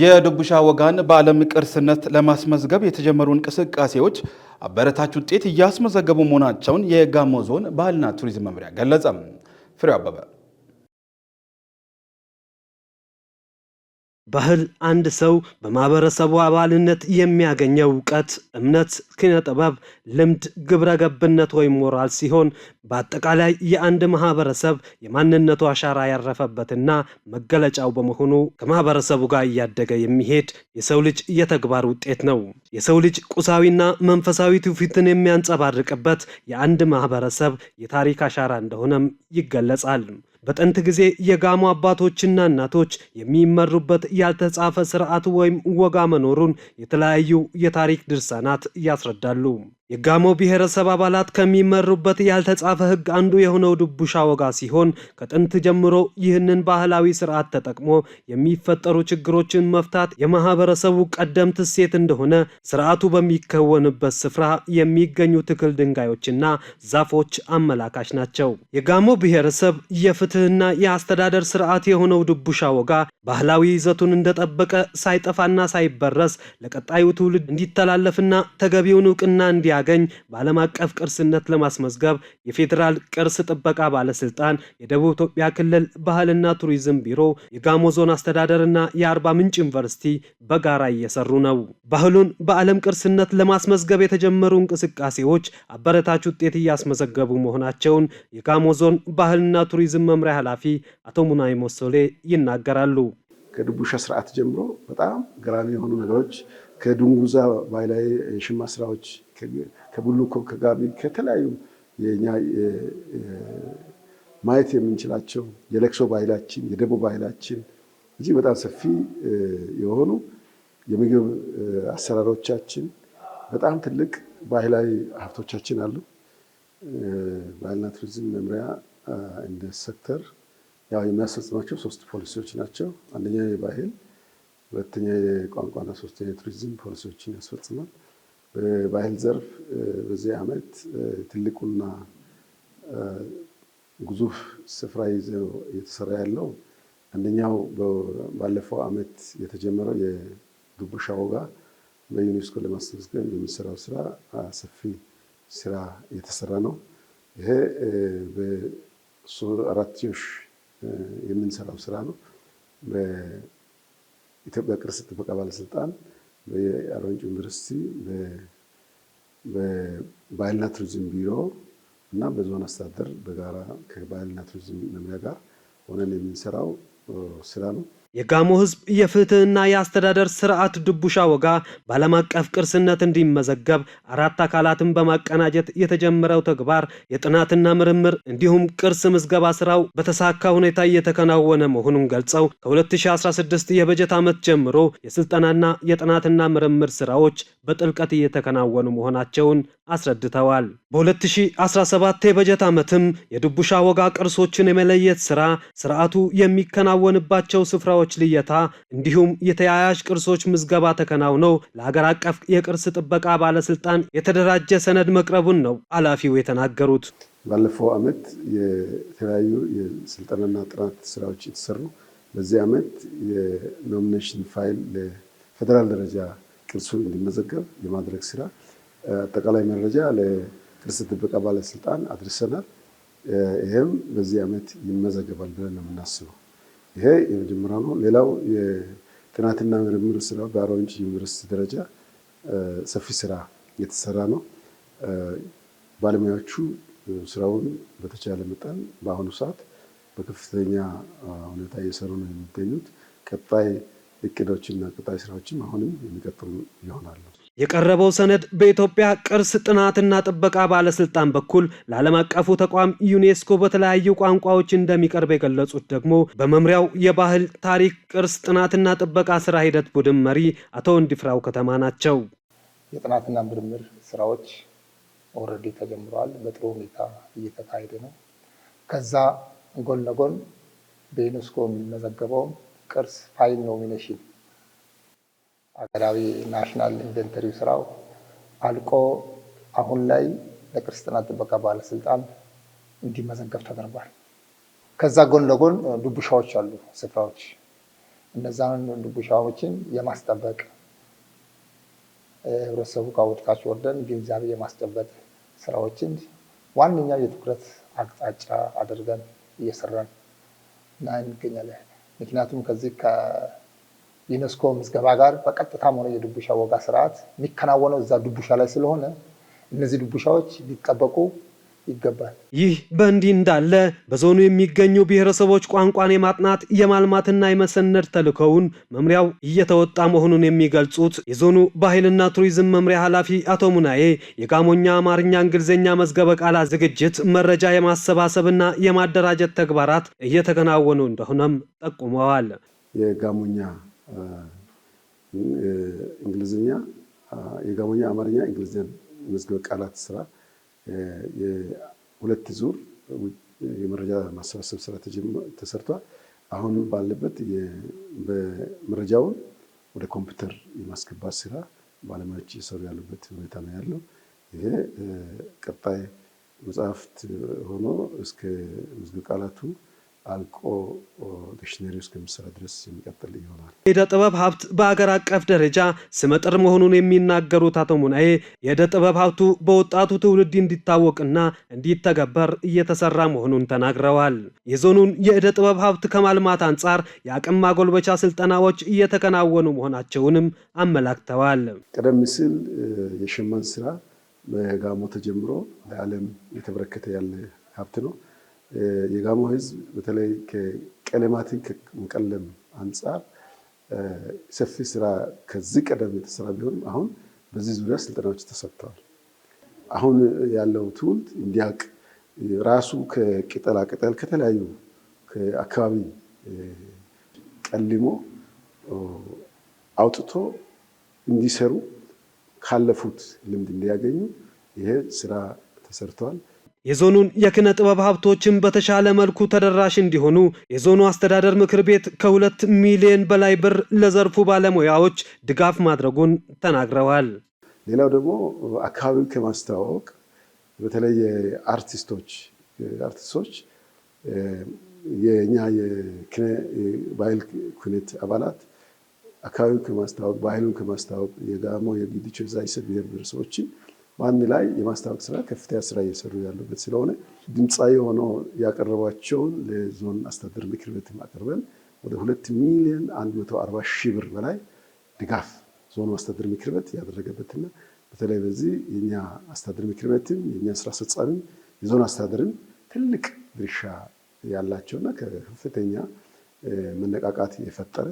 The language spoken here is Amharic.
የዱቡሻ ወጋን በዓለም ቅርስነት ለማስመዝገብ የተጀመሩ እንቅስቃሴዎች አበረታች ውጤት እያስመዘገቡ መሆናቸውን የጋሞ ዞን ባህልና ቱሪዝም መምሪያ ገለጸ። ፍሬው አበበ ባህል አንድ ሰው በማህበረሰቡ አባልነት የሚያገኘው እውቀት፣ እምነት፣ ኪነ ጥበብ፣ ልምድ፣ ግብረ ገብነት ወይም ሞራል ሲሆን በአጠቃላይ የአንድ ማህበረሰብ የማንነቱ አሻራ ያረፈበትና መገለጫው በመሆኑ ከማህበረሰቡ ጋር እያደገ የሚሄድ የሰው ልጅ የተግባር ውጤት ነው። የሰው ልጅ ቁሳዊና መንፈሳዊ ትውፊትን የሚያንጸባርቅበት የአንድ ማህበረሰብ የታሪክ አሻራ እንደሆነም ይገለጻል። በጥንት ጊዜ የጋሞ አባቶችና እናቶች የሚመሩበት ያልተጻፈ ስርዓት ወይም ወጋ መኖሩን የተለያዩ የታሪክ ድርሳናት ያስረዳሉ። የጋሞ ብሔረሰብ አባላት ከሚመሩበት ያልተጻፈ ሕግ አንዱ የሆነው ድቡሻ ወጋ ሲሆን ከጥንት ጀምሮ ይህንን ባህላዊ ስርዓት ተጠቅሞ የሚፈጠሩ ችግሮችን መፍታት የማህበረሰቡ ቀደምት እሴት እንደሆነ ስርዓቱ በሚከወንበት ስፍራ የሚገኙ ትክል ድንጋዮችና ዛፎች አመላካች ናቸው። የጋሞ ብሔረሰብ የፍትህና የአስተዳደር ስርዓት የሆነው ድቡሻ ወጋ ባህላዊ ይዘቱን እንደጠበቀ ሳይጠፋና ሳይበረስ ለቀጣዩ ትውልድ እንዲተላለፍና ተገቢውን እውቅና እንዲያ እንዲያገኝ በዓለም አቀፍ ቅርስነት ለማስመዝገብ የፌዴራል ቅርስ ጥበቃ ባለስልጣን፣ የደቡብ ኢትዮጵያ ክልል ባህልና ቱሪዝም ቢሮ፣ የጋሞ ዞን አስተዳደርና የአርባ ምንጭ ዩኒቨርሲቲ በጋራ እየሰሩ ነው። ባህሉን በዓለም ቅርስነት ለማስመዝገብ የተጀመሩ እንቅስቃሴዎች አበረታች ውጤት እያስመዘገቡ መሆናቸውን የጋሞ ዞን ባህልና ቱሪዝም መምሪያ ኃላፊ አቶ ሙናይ ሞሶሌ ይናገራሉ። ከድቡሻ ስርዓት ጀምሮ በጣም ገራሚ የሆኑ ነገሮች ከድንጉዛ ባህላዊ የሽማ ስራዎች ከቡሉኮ ከጋቢ ከተለያዩ የኛ ማየት የምንችላቸው የለቅሶ ባህላችን፣ የደቦ ባህላችን እጅግ በጣም ሰፊ የሆኑ የምግብ አሰራሮቻችን በጣም ትልቅ ባህላዊ ሀብቶቻችን አሉ። ባህልና ቱሪዝም መምሪያ እንደ ሴክተር ያው የሚያስፈጽማቸው ሶስት ፖሊሲዎች ናቸው። አንደኛ የባህል፣ ሁለተኛ የቋንቋና ሶስተኛ የቱሪዝም ፖሊሲዎችን ያስፈጽማል። በባህል ዘርፍ በዚህ ዓመት ትልቁና ግዙፍ ስፍራ ይዞ እየተሰራ ያለው አንደኛው ባለፈው ዓመት የተጀመረው የዱቡሻ ወጋ በዩኔስኮ ለማስመዝገብ የሚሰራው ስራ ሰፊ ስራ የተሰራ ነው። ይሄ በአራትዮሽ የምንሰራው ስራ ነው። በኢትዮጵያ ቅርስ ጥበቃ ባለስልጣን በአርባ ዩኒቨርሲቲ በባህልና ቱሪዝም ቢሮ እና በዞን አስተዳደር በጋራ ከባህልና ቱሪዝም መምሪያ ጋር ሆነን የምንሰራው ስራ ነው። የጋሞ ህዝብ የፍትህና የአስተዳደር ስርዓት ድቡሻ ወጋ በዓለም አቀፍ ቅርስነት እንዲመዘገብ አራት አካላትን በማቀናጀት የተጀመረው ተግባር የጥናትና ምርምር እንዲሁም ቅርስ ምዝገባ ስራው በተሳካ ሁኔታ እየተከናወነ መሆኑን ገልጸው ከ2016 የበጀት ዓመት ጀምሮ የስልጠናና የጥናትና ምርምር ስራዎች በጥልቀት እየተከናወኑ መሆናቸውን አስረድተዋል። በ2017 የበጀት ዓመትም የድቡሻ ወጋ ቅርሶችን የመለየት ስራ፣ ስርዓቱ የሚከናወንባቸው ስፍራዎች ልየታ እንዲሁም የተያያዥ ቅርሶች ምዝገባ ተከናውነው ለሀገር አቀፍ የቅርስ ጥበቃ ባለስልጣን የተደራጀ ሰነድ መቅረቡን ነው ኃላፊው የተናገሩት። ባለፈው ዓመት የተለያዩ የስልጠናና ጥናት ስራዎች የተሰሩ በዚህ ዓመት የኖሚኔሽን ፋይል ለፌዴራል ደረጃ ቅርሱ እንዲመዘገብ የማድረግ ስራ አጠቃላይ መረጃ ለቅርስ ጥበቃ ባለስልጣን አድርሰናል። ይህም በዚህ ዓመት ይመዘገባል ብለን ነው የምናስበው። ይሄ የመጀመሪያ ነው። ሌላው የጥናትና ምርምር ስራ በአርባ ምንጭ ዩኒቨርሲቲ ደረጃ ሰፊ ስራ የተሰራ ነው። ባለሙያዎቹ ስራውን በተቻለ መጠን በአሁኑ ሰዓት በከፍተኛ ሁኔታ እየሰሩ ነው የሚገኙት። ቀጣይ እቅዶችና ቀጣይ ስራዎችም አሁንም የሚቀጥሉ ይሆናሉ። የቀረበው ሰነድ በኢትዮጵያ ቅርስ ጥናትና ጥበቃ ባለስልጣን በኩል ለዓለም አቀፉ ተቋም ዩኔስኮ በተለያዩ ቋንቋዎች እንደሚቀርብ የገለጹት ደግሞ በመምሪያው የባህል ታሪክ፣ ቅርስ ጥናትና ጥበቃ ስራ ሂደት ቡድን መሪ አቶ እንዲፍራው ከተማ ናቸው። የጥናትና ምርምር ስራዎች ኦልሬዲ ተጀምረዋል። በጥሩ ሁኔታ እየተካሄደ ነው። ከዛ ጎን ለጎን በዩኔስኮ የሚመዘገበውም ቅርስ ፋይል ኖሚኔሽን ሀገራዊ ናሽናል ኢንቨንተሪ ስራው አልቆ አሁን ላይ ለቅርስ ጥናት ጥበቃ ባለስልጣን እንዲመዘገብ ተደርጓል። ከዛ ጎን ለጎን ዱቡሻዎች አሉ ስፍራዎች እነዛን ዱቡሻዎችን የማስጠበቅ ህብረተሰቡ ካወድቃቸው ወርደን ግንዛቤ የማስጨበጥ ስራዎችን ዋነኛ የትኩረት አቅጣጫ አድርገን እየሰራን እና እንገኛለን። ምክንያቱም ከዚህ ዩኔስኮ ምዝገባ ጋር በቀጥታም ሆነ የድቡሻ ወጋ ስርዓት የሚከናወነው እዛ ድቡሻ ላይ ስለሆነ እነዚህ ድቡሻዎች ሊጠበቁ ይገባል። ይህ በእንዲህ እንዳለ በዞኑ የሚገኙ ብሔረሰቦች ቋንቋን የማጥናት የማልማትና የመሰነድ ተልዕኮውን መምሪያው እየተወጣ መሆኑን የሚገልጹት የዞኑ ባህልና ቱሪዝም መምሪያ ኃላፊ አቶ ሙናዬ የጋሞኛ፣ አማርኛ፣ እንግሊዝኛ መዝገበ ቃላት ዝግጅት፣ መረጃ የማሰባሰብና የማደራጀት ተግባራት እየተከናወኑ እንደሆነም ጠቁመዋል። የጋሞኛ እንግሊዝኛ፣ የጋሞኛ፣ አማርኛ፣ እንግሊዝኛ መዝገበ ቃላት ስራ የሁለት ዙር የመረጃ ማሰባሰብ ስራ ተሰርቷል። አሁን ባለበት መረጃውን ወደ ኮምፒውተር የማስገባት ስራ ባለሙያዎች እየሰሩ ያሉበት ሁኔታ ነው ያለው። ይሄ ቀጣይ መጽሐፍት ሆኖ እስከ ምዝግብ ቃላቱ አልቆ ዲክሽነሪ እስከሚሰራ ድረስ የሚቀጥል ይሆናል። የዕደ ጥበብ ሀብት በአገር አቀፍ ደረጃ ስመጥር መሆኑን የሚናገሩት አቶ ሙናዬ የዕደ ጥበብ ሀብቱ በወጣቱ ትውልድ እንዲታወቅና እንዲተገበር እየተሰራ መሆኑን ተናግረዋል። የዞኑን የእደ ጥበብ ሀብት ከማልማት አንጻር የአቅም ማጎልበቻ ስልጠናዎች እየተከናወኑ መሆናቸውንም አመላክተዋል። ቀደም ሲል የሸማን ስራ በጋሞ ተጀምሮ ለዓለም እየተበረከተ ያለ ሀብት ነው። የጋሞ ህዝብ በተለይ ከቀለማትን ከመቀለም አንጻር ሰፊ ስራ ከዚህ ቀደም የተሰራ ቢሆንም አሁን በዚህ ዙሪያ ስልጠናዎች ተሰጥተዋል። አሁን ያለው ትውልድ እንዲያውቅ ራሱ ከቅጠላ ቅጠል ከተለያዩ አካባቢ ቀልሞ አውጥቶ እንዲሰሩ ካለፉት ልምድ እንዲያገኙ ይሄ ስራ ተሰርተዋል። የዞኑን የኪነ ጥበብ ሀብቶችን በተሻለ መልኩ ተደራሽ እንዲሆኑ የዞኑ አስተዳደር ምክር ቤት ከሁለት ሚሊዮን በላይ ብር ለዘርፉ ባለሙያዎች ድጋፍ ማድረጉን ተናግረዋል። ሌላው ደግሞ አካባቢ ከማስተዋወቅ በተለይ የአርቲስቶች አርቲስቶች የእኛ የባህል ኩነት አባላት አካባቢውን ከማስታወቅ ባህሉን ከማስታወቅ የጋሞ የጊዲቾ ዛይሰ ብሔር ብሔረሰቦችን በአንድ ላይ የማስታወቅ ስራ ከፍተኛ ስራ እየሰሩ ያሉበት ስለሆነ ድምፃዊ ሆኖ ያቀረቧቸውን ለዞን አስተዳደር ምክር ቤት አቅርበን ወደ ሁለት ሚሊዮን አንድ መቶ አርባ ሺህ ብር በላይ ድጋፍ ዞኑ አስተዳደር ምክር ቤት ያደረገበትና በተለይ በዚህ የኛ አስተዳደር ምክር ቤትም የኛ ስራ አስፈጻሚም የዞን አስተዳደርም ትልቅ ድርሻ ያላቸውና ከፍተኛ መነቃቃት የፈጠረ